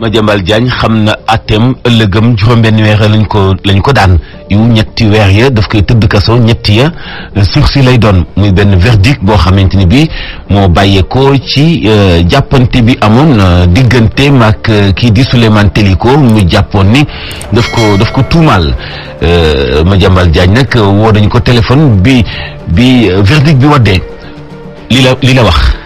ma jambal Diagne xam na àtteem ëllëgam juróom-benn weer lañ ko lañu ko daan yu ñetti weer ya daf koy tëdd kaso ñetti ya euh, si lay doon muy benn verdict boo xamante ni bi moo bàyyeekoo ci euh, jàppante bi amoon euh, diggante ak kii di Souleymane Teliko mu jàppoon ni daf ko daf ko tuumaal Madiambal Diagne nag woo dañu ko téléphone bi bi verdict bi waddee li la li la wax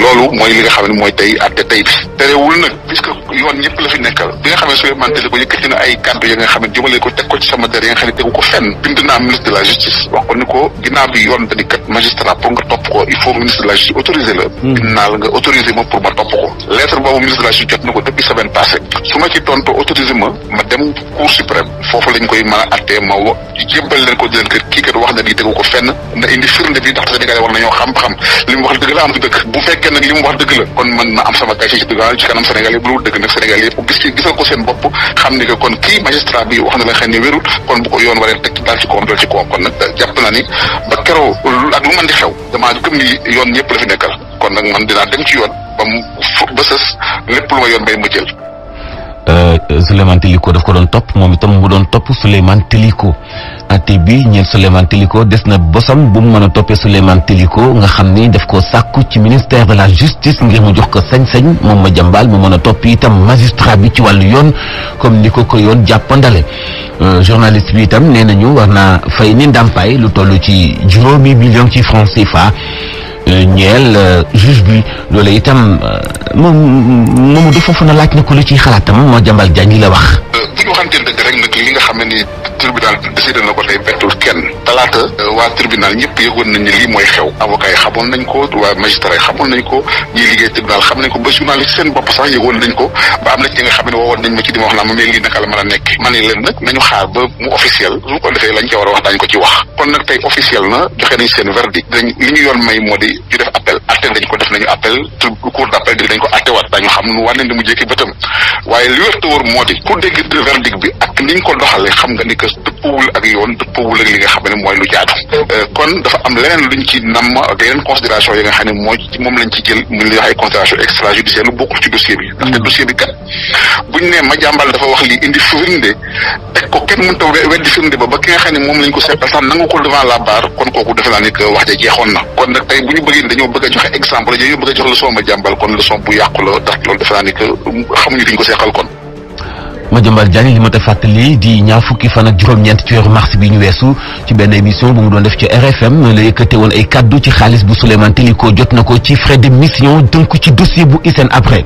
loolu mooy li nga mooy tey àtte tey bi terewul nag puisque yoon ñëpp la fi nekkal bi nga xam ne Souleymane Téléco yëkkati na ay kàddu ya nga xam ne jëmale teg ko ci sama nga xam tegu ko fenn bind naa ministre de la justice wax ko ni bi yoon kat magistrat pour nga topp ko il faut ministre de la justice autoriser la. Hmm. nga autoriser ma pour ma topp ko lettre boobu ministre de la justice su ma ci tontu autorisé ma ma dem cour suprême foofu lañ koy mën a ma wa jébbal leen ko di leen kër kii kat wax na di tegu ko fenn na indi firnde bi ndax sénégalais war nañoo xam-xam li wax dëgg la am dëgg bu fekkee nag dëgg la kon man na am sama casier ci dëgg ci kanam sénégalais bu dul gis ci ko seen bopp xam ni que kon kii magistrat bi wax na la xëy ne wérul kon bu ko yoon waree teg daal ci kawam dal ci kawam kon nag euh, na ni ba keroo ak lu man dem ci yoon ba mu ba sës lépp lu ma yoon mu jël. Euh, Souleymane Téliko daf ko doon topp moom itam mu doon topp Souleymane Téliko atte bi ñeel Souleymane Téliko des na bosam bu mu mën a toppee Souleymane Téliko nga xam ni daf ko sàkku ci ministère de la justice ngir mu jox ko sañ-sañ moom ma jàmbaal mu mën a topp itam magistrat bi ci wàllu yoon comme ni ko ko yoon jàppandale euh, journaliste bi itam nee nañu war naa fay ni ndàmpaay lu toll ci juróomi million ci francs fa ñeel euh, juge bi loolu itam euh, moom Mamadou Fofana laaj na ko lu ciy xalaatam moo jàmbal Diagne li la wax. bu euh, ñu waxanteel dëgg rek nag li nga tribunal bi na ko tey bettul kenn talaata euh, waa tribunal ñëpp yëgoon nañ lii mooy xew avocat yi xamoon nañ ko liggéey tribunal xam nañ ko ba am na xam ne woowoon a xaar ba mu officiel su ko defee lañ ca war a wax daañu ko ci wax kon nag tey officiel na joxe nañ seen verdict li ñu yoon may moo di ñu def appel atte dañ ko def nañu appel cour dañ ko attewaat daañu xam nu wànneen di mu bëtam waaye li wér te wóor moo di ku dégg verdict te dëppawul ak yoon dëppawul ak li nga xam ne mooy lu jaatu euh, kon dafa am leneen luñ ci nam ak yeneen yi nga xam ne mooy moom lañ ci jël mu li wax ay considération extrajudiciaire mm. ma jàmbal dafa wax li ba ba ki nga xam ne moom lañ ko seetal ko devant la barre kon na kon nag tey bu ñu bëggee dañoo bëgg a joxe a jox leçon ma jàmbal kon xamuñu ko seexal kon Madiambal Diagne li ma te fàttali di ñaar fukki fan ak juróom-ñeent ci weeru mars bi ñu weesu ci benn émission bu mu doon def ci RFM la yëkkate woon ay kaddu ci xaalis bu Souleymane Téliko jot na ko ci frais de mission dënk ci dossier bu ISEN après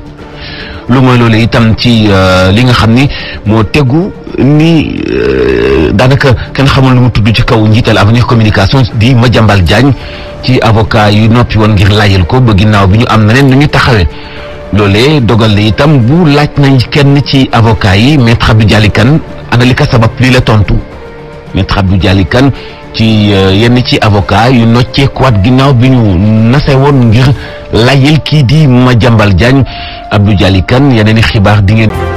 lu mooy loolu itam ci euh, li nga xam ni moo tegu ni euh, daanaka kenn xamul lu mu tudd ci kaw njiital avenir communication di Madiambal Diagne ci avocat yu noppi woon ngir laajal ko ba ginnaaw bi ñu am na neen nu ñu taxawee loolee dogal li itam bu laaj nañ kenn ci avocat yi maître Abdou Dialy Kane ana li ko sabab lii la tontu maître Abdou Dialy Kane ci euh, yenn ci avocat yu noccee ginnaaw bi ñu nase woon ngir layil kii di Madiambal Diagne Abdou Dialy Kane yeneen i xibaar di ngeen